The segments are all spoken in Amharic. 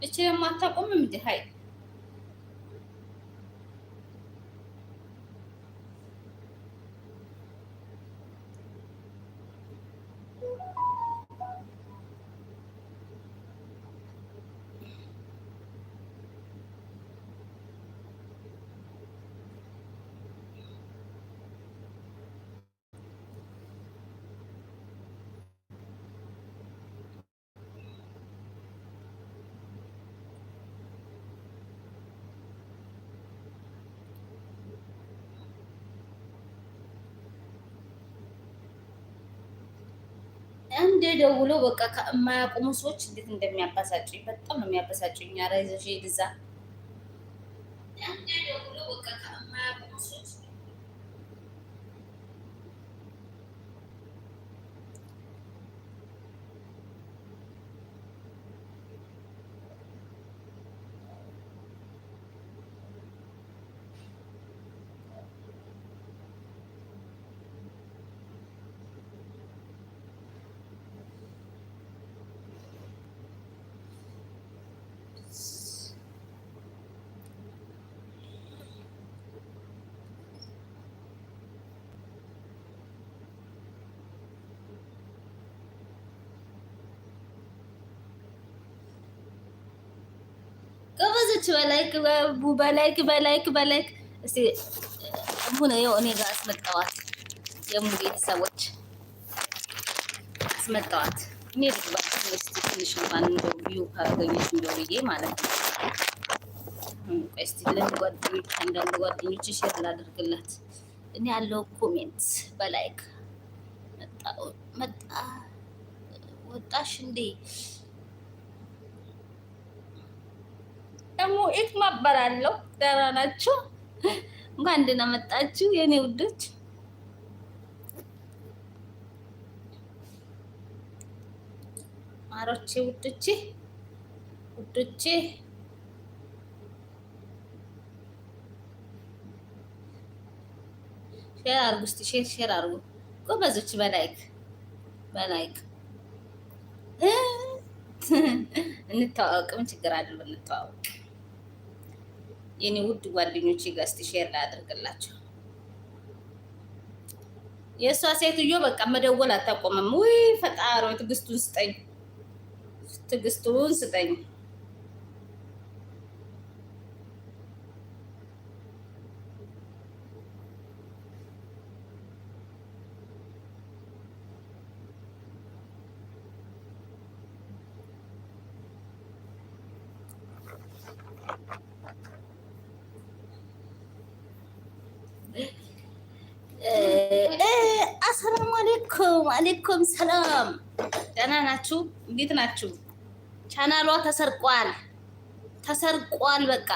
一応また、ゴムみたい。እንዴ ደውሎ በቃ ከማያቆሙ ሰዎች እንዴት እንደሚያበሳጩኝ በጣም ነው የሚያበሳጩኝ። ኧረ ይዘሽ ደውሎ በቃ በላይክ በላይክ በላይክ በላይክ እስቲ ሙነ ይኸው እኔ ጋር አስመጣዋት። የሙ ቤተሰቦች አስመጣዋት። እኔ ልግባ እስቲ ትንሽ እንኳን እንደው ቪው ካገኘች እንደው ብዬ ማለት ነው። እስቲ ለጓደኞች አንዳንድ ጓደኞች ሼር ላድርግላት። እኔ ያለው ኮሜንት በላይክ መጣ ወጣሽ እንዴ ደግሞ ኢት ማበራለሁ። ደህና ናችሁ? እንኳን ደህና መጣችሁ የእኔ ውዶች። ማሮቼ ውዶቼ ውዶቼ ሼር አርጉ እስቲ ሼር ሼር አርጉ ጎበዞች፣ በላይክ በላይክ እንተዋወቅ። ምን ችግር አለው? እንተዋወቅ የኔ ውድ ጓደኞች ገስት ሼር ላይ አድርግላቸው። የእሷ ሴትዮ በቃ መደወል አታቆምም። ውይ ፈጣሪ ትዕግስቱን ስጠኝ፣ ትዕግስቱን ስጠኝ። አለይኩም አለይኩም ሰላም። ደህና ናችሁ? እንዴት ናችሁ? ቻናሏ ተሰርቋል ተሰርቋል። በቃ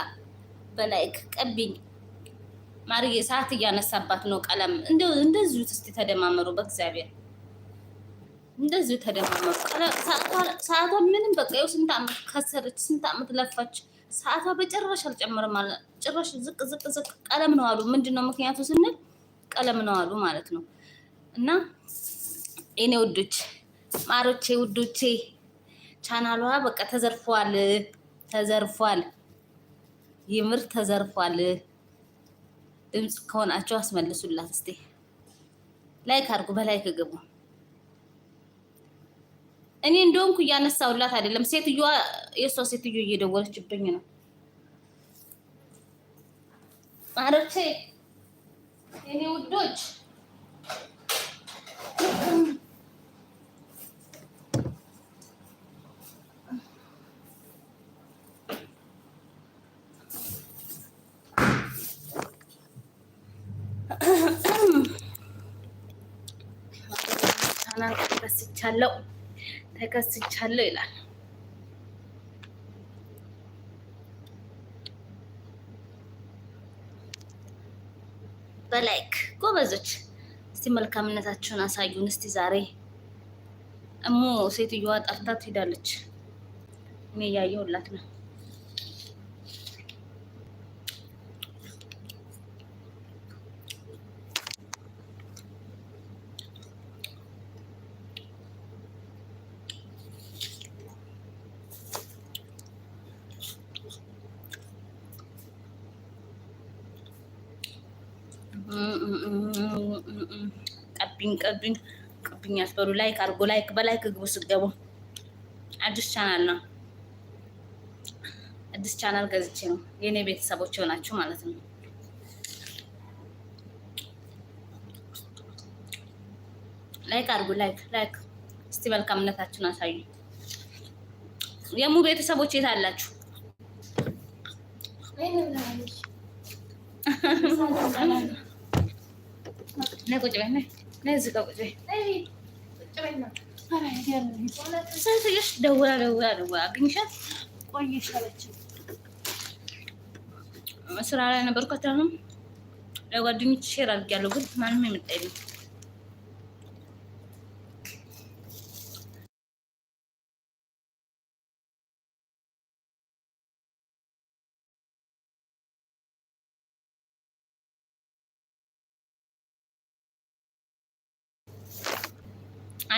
በላይክ ቀብኝ ማርዬ። ሰዓት እያነሳባት ነው ቀለም። እንደዚሁ እስኪ ተደማመሩ፣ በእግዚአብሔር እንደዚሁ ተደማመሩ። ሰዓቷ ምንም በቃ ይኸው ስንት ዓመት ከሰረች፣ ስንት ዓመት ለፋች። ሰዓቷ በጭራሽ አልጨምርም አለ ጭራሽ ዝቅ ዝቅ ዝቅ። ቀለም ነው አሉ። ምንድን ነው ምክንያቱ ስንል ቀለም ነው አሉ ማለት ነው። እና እኔ ውዶች ማሮቼ ውዶቼ ቻናሏ በቃ ተዘርፏል፣ ተዘርፏል፣ ይምር ተዘርፏል። ድምፅ ከሆናቸው አስመልሱላት እስቲ። ላይክ አድርጉ፣ በላይክ ግቡ። እኔ እንደሆንኩ እያነሳውላት አይደለም፣ ሴትዮዋ የእሷ ሴትዮ እየደወለችብኝ ነው። ማሮቼ እኔ ውዶች ተከስቻለሁ ተከስቻለሁ ይላል። በላይክ ጎበዞች እስቲ መልካምነታችሁን አሳዩን። እስቲ ዛሬ እሞ ሴትዮዋ ጠርታት ሄዳለች። እኔ እያየሁላት ነው። ቀዱኝ ቅብኝ አትበሉ። ላይክ አድርጎ ላይክ በላይክ ግቡ። ስገቡ አዲስ ቻናል ነው። አዲስ ቻናል ገዝቼ ነው የእኔ ቤተሰቦች የሆናችሁ ማለት ነው። ላይክ አድርጉ። ላይክ ላይክ እስቲ መልካምነታችሁን አሳዩ። የሙ ቤተሰቦች የት አላችሁ? ነይ ቁጭ በይ ነይ እዚህ ጋር ቁጭ በይ ስንትሽ ደውላ ደውላ ደውላ አግኝሻት ቆየሽ አለችኝ። ስራ ላይ ነበርኩ። አሁንም ለጓደኞች ሼር አድርጊያለሁ፣ ግን ማንም የመጣ የለም።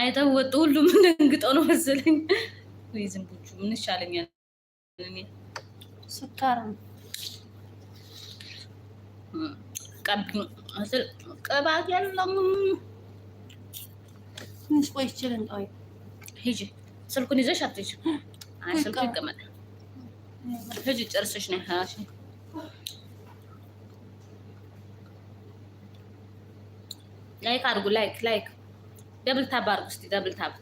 አይተው ወጡ። ሁሉም ደንግጠው ነው መሰለኝ። ወይ ዝንቦቹ ምን ይሻለኛል? እኔ ስካርም ቅባት የለም። ትንሽ ቆይ ይችልን ጠይ ሂጂ፣ ስልኩን ይዘሽ አትሂጂ። አይ ስልኩ ይቀመጥ። ሂጂ ጨርሰሽ ነው ሀሽ ላይክ አድርጉ። ላይክ ላይክ ደብል ታብ አድርጉ እስኪ ደብል ታብ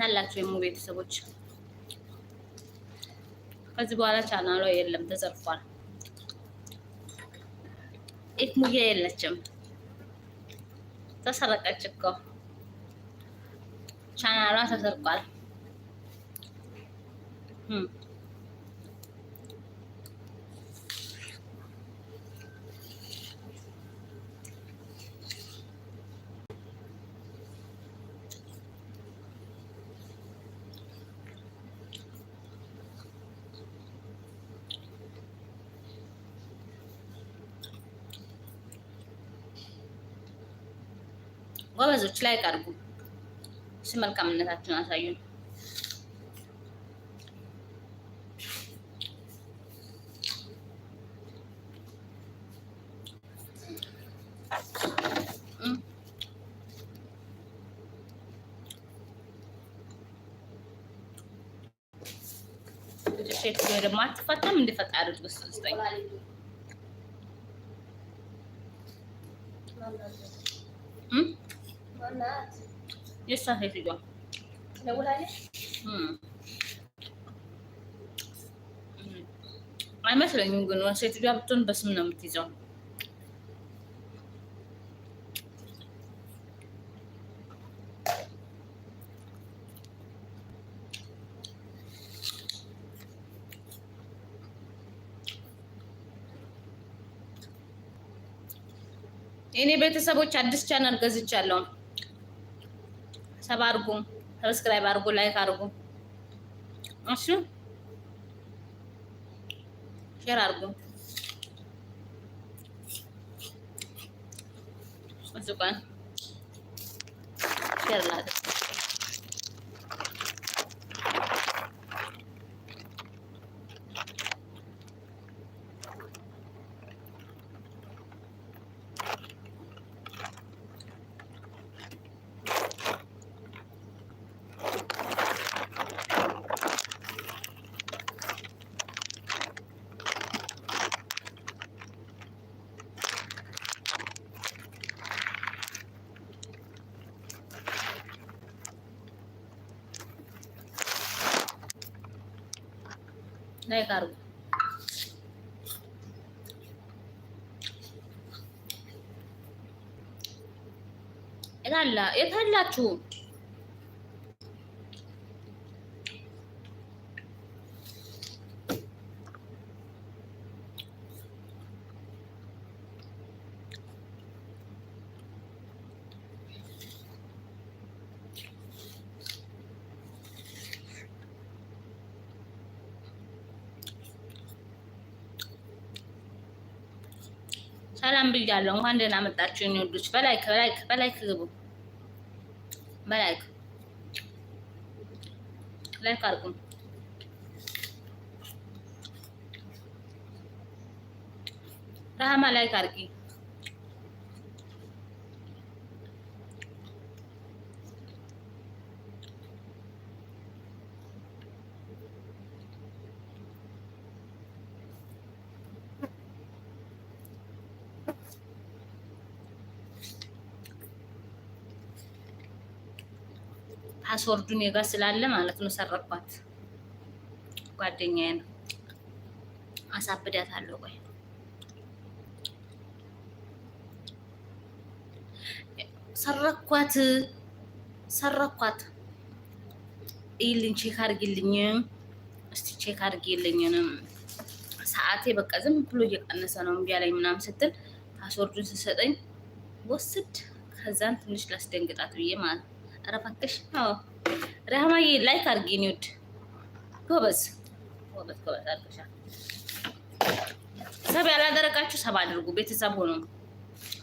ናላችሁ የሙ ቤተሰቦች ከዚህ በኋላ ቻናሏ የለም፣ ተዘርፏል። ኢትሙዬ የለችም፣ ተሰረቀች እኮ ቻናሏ ተሰርቋል። ሰዎች ላይ ቀርቡ፣ መልካምነታችሁን አሳዩን። ሴት ወይ ደግሞ አትፈታም እንደፈጣ አድርጎ ስጠኝ የእሷ ሴትዮዋ አይመስለኝም፣ ግን ሴትዮዋ ብትሆን በስም ነው የምትይዘው። እኔ ቤተሰቦች አዲስ ቻናል ገዝቻለሁ። Sabargo. algo, Likeargo. escribir algo, leer algo. ላይክ አድርጉ። የታላ የታላችሁ ብያለሁ። እንኳን ደህና መጣችሁ የሚወዱች በላይክ በላይክ በላይክ ግቡ። በላይክ ላይክ አድርጉም። ረሃማ ላይክ አድርጊ አስወርዱ እኔ ጋር ስላለ ማለት ነው። ሰረኳት ጓደኛዬ ነው። አሳብዳታለሁ። ቆይ ሰረኳት፣ ሰረኳት። ይልን ቼክ አድርጊልኝ እስቲ ቼክ አድርጊልኝ። ሰዓቴ በቃ ዝም ብሎ እየቀነሰ ነው። እምቢ አለኝ ምናምን ስትል ፓስወርዱን ስሰጠኝ ወስድ ከዛን ትንሽ ላስደንግጣት ብዬ ማለት ነው ኧረ እባክሽ ረህማዬ ላይክ አድርጊኝ። ውድ ጎበዝ ጎበዝ ጎበዝ አድርገሻል። ሰብ ያላደረጋችሁ ሰብ አድርጉ። ቤተሰብ ሆኖ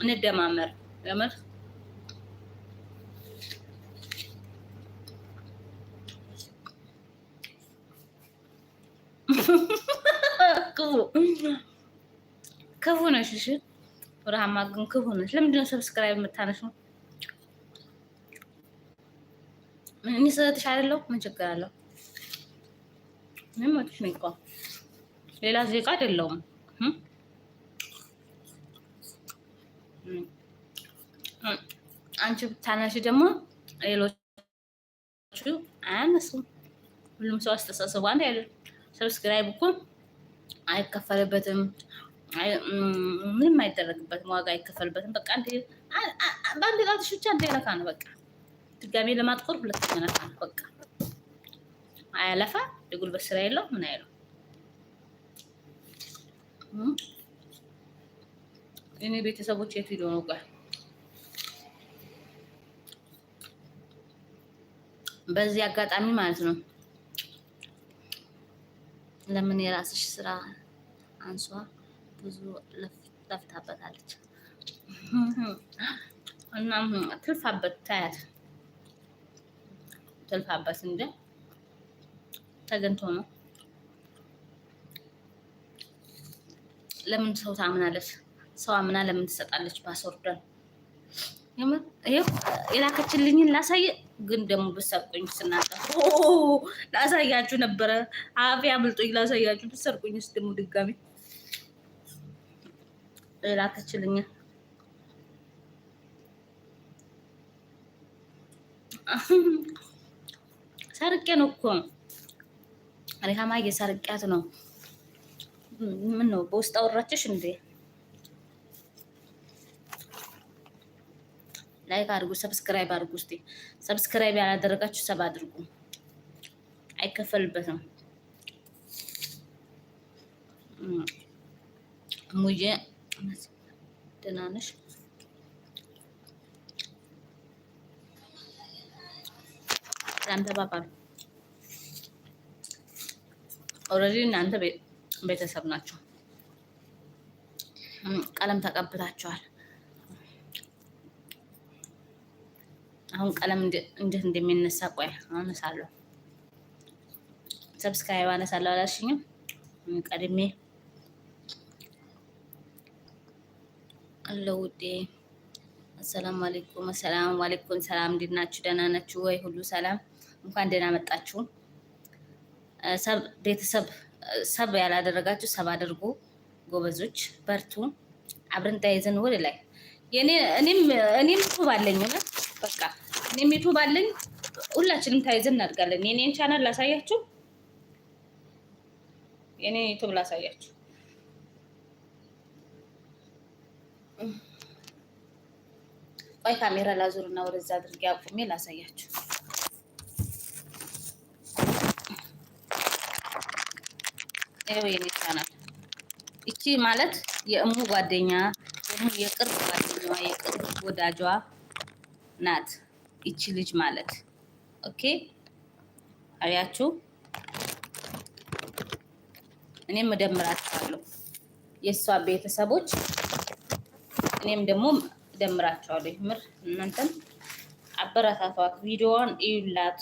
እንደማመር የምር ክፉ ክፉ ነሽ። እሺ ረህማ ግን ክፉ ነሽ። ለምንድን ነው ሰብስክራይብ የምታነሺው? እኔ ስህተትሽ አይደለሁ። ምን ችግር አለው? ምን ወጥሽ ነው? ሌላ ዜቃ አይደለውም። አንቺ ብታናሽ ደግሞ ሌሎቹ አያነሱም። ሁሉም ሰው አስተሳሰቡ አንድ አይደለም። ሰብስክራይብ እኮ አይከፈልበትም፣ ምንም አይደረግበትም፣ ዋጋ አይከፈልበትም። በቃ አንድ በአንድ ጣትሽ ብቻ እንደ ነካ ነው በቃ ድጋሜ ለማጥቆር ሁለት ተነፋ ነው በቃ አያለፋ የጉልበት ስራ የለው ምን አይለው። እኔ ቤተሰቦች የት ሄዶ ነው? ቆይ በዚህ አጋጣሚ ማለት ነው ለምን የራስሽ ስራ አንሷ ብዙ ለፍታበታለች እና ትልፋበት ታያት ትልፋበት እንጂ ተገንቶ ነው። ለምን ሰው ታምናለች? ሰው አምና ለምን ትሰጣለች? ፓስወርዷን የላከችልኝን ላሳየ። ግን ደግሞ ብሰርቁኝ ስናንተ ላሳያችሁ ነበረ አፌ አምልጦኝ ላሳያችሁ። ብሰርቁኝስ ደግሞ ድጋሚ የላከችልኝን ሰርቄ ነው እኮ ሪሃማዬ፣ ሰርቄያት ነው። ምን ነው በውስጥ አወራችሽ እንዴ? ላይክ አድርጉ፣ ሰብስክራይብ አድርጉ። እስቲ ሰብስክራይብ ያላደረጋችሁ ሰብ አድርጉ፣ አይከፈልበትም። ሙዬ ደህና ነሽ? እናንተ ባባ ኦልሬዲ እናንተ ቤተሰብ ናቸው። ቀለም ተቀብታችኋል። አሁን ቀለም እንዴት እንደሚነሳ ቆይ አነሳለሁ። ሰብስክራይብ አነሳለሁ አላልሽኝም? ቀድሜ አለው ውዴ። አሰላሙ አለይኩም። አሰላሙ አለይኩም ሰላም። እንዴት ናችሁ? ደህና ናችሁ ወይ? ሁሉ ሰላም እንኳን ደህና መጣችሁ። ቤተሰብ ሰብ ያላደረጋችሁ ሰብ አድርጉ። ጎበዞች በርቱ። አብረን ተያይዘን ወደ ላይ እኔም ቱብ አለኝ ሆነ በቃ እኔም ቱብ አለኝ። ሁላችንም ተያይዘን እናድጋለን። የኔን ቻናል ላሳያችሁ፣ የኔን ዩቱብ ላሳያችሁ። ቆይ ካሜራ ላዙርና ወደዛ አድርጌ አቁሜ ላሳያችሁ። ይኸው የኔ ቻናል እቺ ማለት የእሙ ጓደኛ የእሙ የቅርብ ጓደኛዋ የቅርብ ወዳጇ ናት። እቺ ልጅ ማለት ኦኬ። አያችሁ፣ እኔም እደምራችኋለሁ የእሷ ቤተሰቦች፣ እኔም ደግሞ እደምራችኋለሁ። ምር እናንተም አበረታቷት፣ ቪዲዮዋን እዩላት።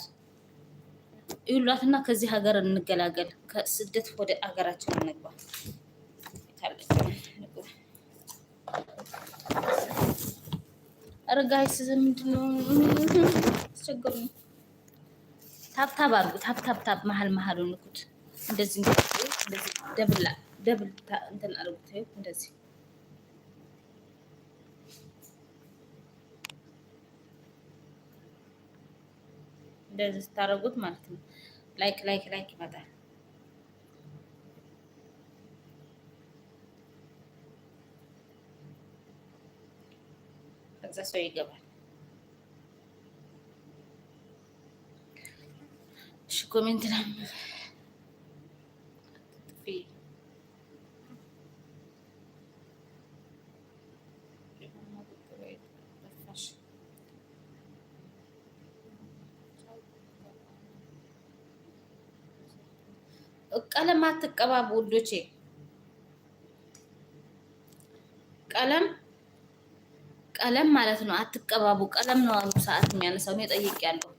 ይሉላትና ከዚህ ሀገር እንገላገል፣ ከስደት ወደ ሀገራችን እንግባ። እርጋይስ ምንድን ነው ታብታብ አድርጉ። ታብታብታብ መሀል መሀል ንኩት። እንደዚህ እንደዚህ ደብል ደብል እንትን አድርጉት። እንደዚህ እንደዚህ ስታደርጉት ማለት ነው። ላይክ ላይክ ላይክ ይመጣል። ከዛ ሰው ይገባል። እሺ ኮሜንት ላይ ቀለም አትቀባቡ ውዶቼ፣ ቀለም ቀለም ማለት ነው። አትቀባቡ። ቀለም ነው አሁን ሰዓት የሚያነሳው። እኔ ጠይቄያለሁ።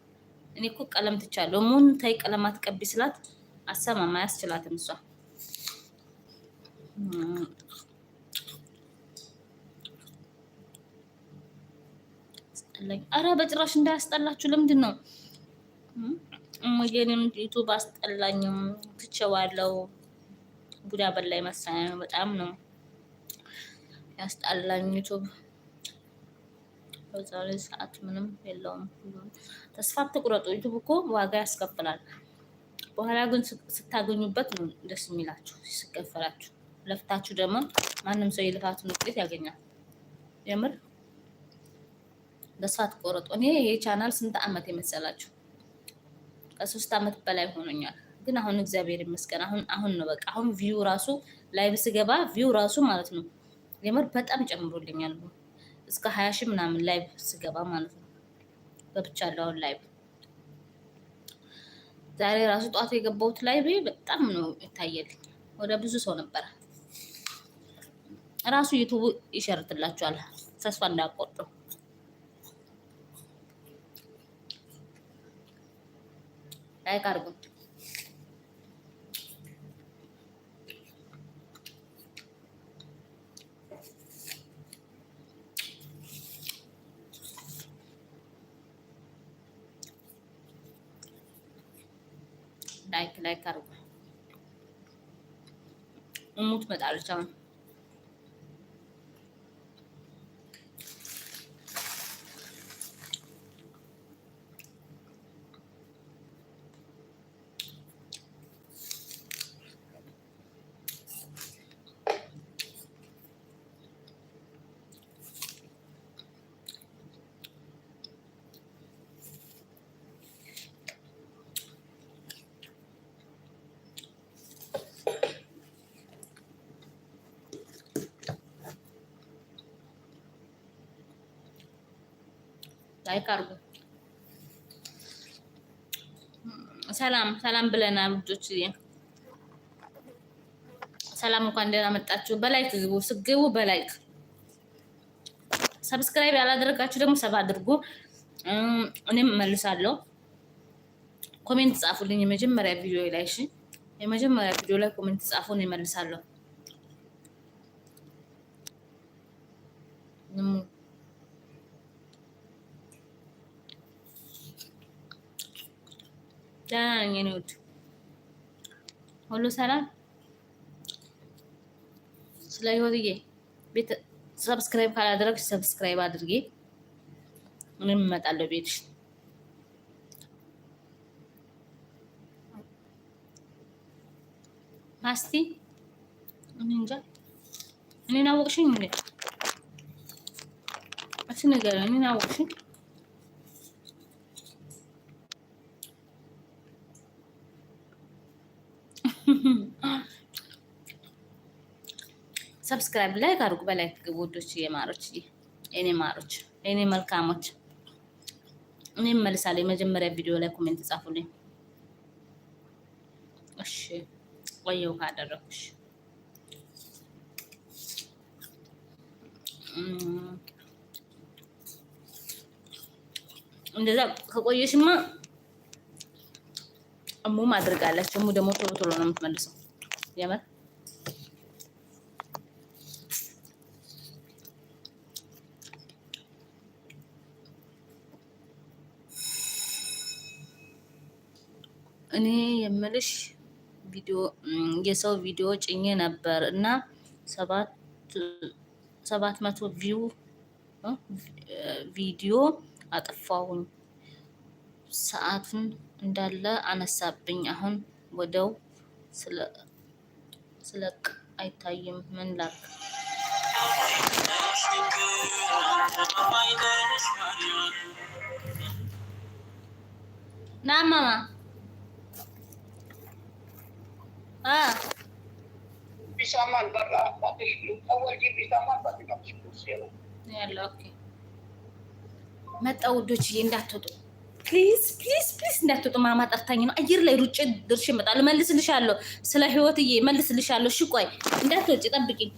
እኔ እኮ ቀለም ትቻለሁ። ሙን ተይ ቀለም አትቀቢ ስላት አሰማማ አያስችላትም እሷ አረ በጭራሽ እንዳያስጠላችሁ። ለምንድን ነው እሙዬንም ዩቱብ አስጠላኝም ትቸዋለው። ቡዳ በላይ መሳ በጣም ነው ያስጠላኝ ዩቱብ። በዛ ላይ ሰዓት ምንም የለውም። ተስፋ ትቁረጡ። ዩቱብ እኮ ዋጋ ያስከፍላል። በኋላ ግን ስታገኙበት ደስ የሚላችሁ ሲከፈላችሁ። ለፍታችሁ ደግሞ ማንም ሰው የልፋቱን ውጤት ያገኛል። የምር ተስፋ አትቆረጡ። እኔ ይሄ ቻናል ስንት አመት የመሰላችሁ ከሶስት ዓመት በላይ ሆኖኛል። ግን አሁን እግዚአብሔር ይመስገን አሁን አሁን ነው በቃ አሁን ቪው ራሱ ላይቭ ስገባ ቪው ራሱ ማለት ነው የምር በጣም ጨምሮልኛል። እስከ ሀያ ሺህ ምናምን ላይቭ ስገባ ማለት ነው ገብቻለሁ አሁን ላይቭ ዛሬ ራሱ ጠዋት የገባሁት ላይብ በጣም ነው ይታየልኝ። ወደ ብዙ ሰው ነበረ ራሱ ዩቱቡ ይሸርትላችኋል። ተስፋ እንዳያቆርጡ அழகாக இருக்கும் லைக் லைக்காக இருக்கும் மூச்சு மாதிரி அரைச்சாங்க ላይክ አድርጉ። ሰላም ሰላም ልጆች ልጆችዬ፣ ሰላም እንኳን ደህና መጣችሁ። በላይክ ግቡ፣ ስግቡ በላይክ ሰብስክራይብ ያላደረጋችሁ ደግሞ ሰብ አድርጉ። እኔም እመልሳለሁ። ኮሜንት ጻፉልኝ። የመጀመሪያ ቪዲዮ ላይ እሺ፣ የመጀመሪያ ቪዲዮ ላይ ኮሜንት እኔ እመልሳለሁ። ደህና ነኝ የእኔ ውድ ሁሉ ሰላም። ስለ ህይወትዬ ቤት ሰብስክራይብ ካላደረግሽ ሰብስክራይብ አድርጌ እኔም እመጣለሁ ቤትሽ። ማስቲ እንጃ እኔን አወቅሽኝ እንዴ? እሺ ንገረኝ፣ እኔን አወቅሽኝ ሰብስክራይብ ላይክ አድርጉ። በላይክ ውዶች፣ የማሮች እኔ ማሮች፣ እኔ መልካሞች፣ እኔ መልሳለሁ። የመጀመሪያ ቪዲዮ ላይ ኮሜንት ጻፉልኝ። እሺ ቆየው ካደረኩሽ እንደዛ ከቆየሽማ እሙም አድርጋለች። እሙ ደግሞ ቶሎ ቶሎ ነው የምትመልሰው የምር እኔ የምልሽ ቪዲዮ የሰው ቪዲዮ ጭኜ ነበር እና ሰባት መቶ ቪው ቪዲዮ አጥፋውኝ ሰዓቱን እንዳለ አነሳብኝ። አሁን ወደው ስለቅ አይታይም። ምን ላክ ናማማ ቢሰማን በራ አባትሽ ልጠወልጂ ቢሰማን በፊታሽ ቁርስ ነው ያለ። ኦኬ መጣ ውዶችዬ፣ እንዳትወጡ ፕሊዝ ፕሊዝ ፕሊዝ እንዳትወጡ። ማማ ጠርታኝ ነው። አየር ላይ ሩጭ ድርሽ እመጣለሁ። መልስልሻለሁ፣ ስለ ህይወትዬ መልስልሻለሁ። እሺ ቆይ እንዳትወጪ ጠብቂኝ።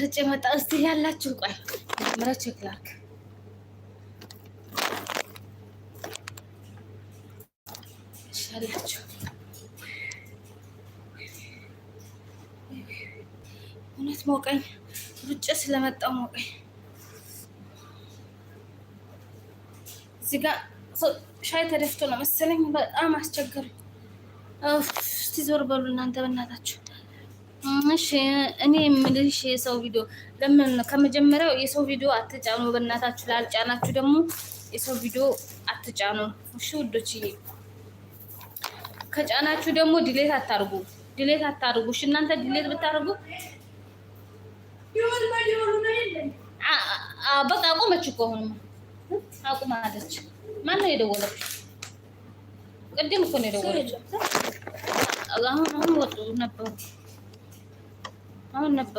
ረጭ መጣ። እስቲ ያላችሁ ቆይ መጀመሪያ ቼክ ላድርግ። ያላችሁ እውነት ሞቀኝ፣ ሩጬ ስለመጣው ሞቀኝ። እዚህ ጋ ሻይ ተደፍቶ ነው መሰለኝ። በጣም አስቸገሩ። እስቲ ዞር በሉ እናንተ በእናታችሁ እሺ እኔ የምልሽ የሰው ቪዲዮ ለምን ከመጀመሪያው የሰው ቪዲዮ አትጫኑ። በእናታችሁ ላልጫናችሁ ደግሞ የሰው ቪዲዮ አትጫኑ። እሺ ውዶች፣ ከጫናችሁ ደግሞ ዲሌት አታርጉ፣ ዲሌት አታርጉ። እሺ እናንተ ድሌት ብታርጉ በቃ አቁመች እኮ አቁም አቁማለች። ማን ነው የደወለችው? ቅድም እኮ ነው የደወለች። አሁን አሁን ወጡ ነበሩ አሁን ነበሩ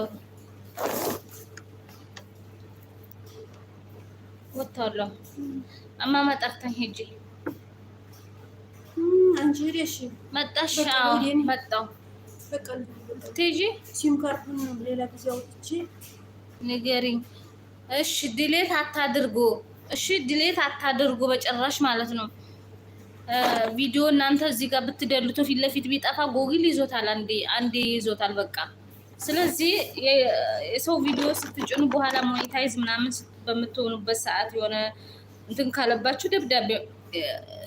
ወጥተዋለሁ። እማማ ጠርታኝ ሂጂ አንቺ ሄደሽ መጣሽ? አዎ መጣሁ። ትሄጂ ሲም ካርቱን ሌላ ጊዜ አውጥቼ ንገሪኝ። እሺ ድሌት አታድርጉ። እሺ ድሌት አታድርጉ በጭራሽ ማለት ነው። ቪዲዮ እናንተ እዚህ ጋር ብትደልቶ ፊት ለፊት ቢጠፋ ጎግል ይዞታል። አንዴ አንዴ ይዞታል በቃ ስለዚህ የሰው ቪዲዮ ስትጭኑ በኋላ ሞኔታይዝ ምናምን በምትሆኑበት ሰዓት የሆነ እንትን ካለባችሁ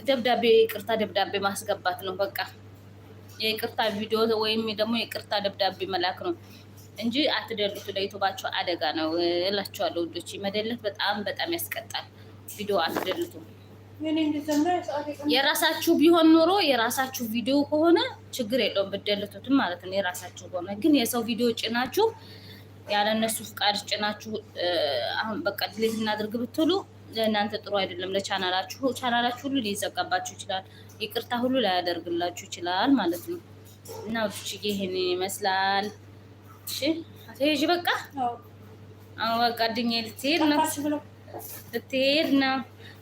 ደብዳቤ የይቅርታ ደብዳቤ ማስገባት ነው። በቃ የይቅርታ ቪዲዮ ወይም ደግሞ የይቅርታ ደብዳቤ መላክ ነው እንጂ አትደልቱ። ለይቶባቸው አደጋ ነው እላችኋለሁ ውዶች። መደለት በጣም በጣም ያስቀጣል። ቪዲዮ አትደልቱ። የራሳችሁ ቢሆን ኖሮ የራሳችሁ ቪዲዮ ከሆነ ችግር የለውም ብደልቱትም ማለት ነው። የራሳችሁ ከሆነ ግን የሰው ቪዲዮ ጭናችሁ ያለ እነሱ ፍቃድ ጭናችሁ አሁን በቃ ድሌት እናድርግ ብትሉ ለእናንተ ጥሩ አይደለም። ለቻናላችሁ ቻናላችሁ ሁሉ ሊዘጋባችሁ ይችላል። ይቅርታ ሁሉ ላያደርግላችሁ ይችላል ማለት ነው እና ብች ይሄን ይመስላል። እሺ በቃ አሁን በቃ ድኜ ልትሄድ ነው ልትሄድ ነው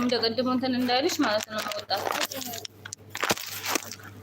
እንደ ቀድሞ እንትን እንዳይልሽ ማለት ነው መወጣት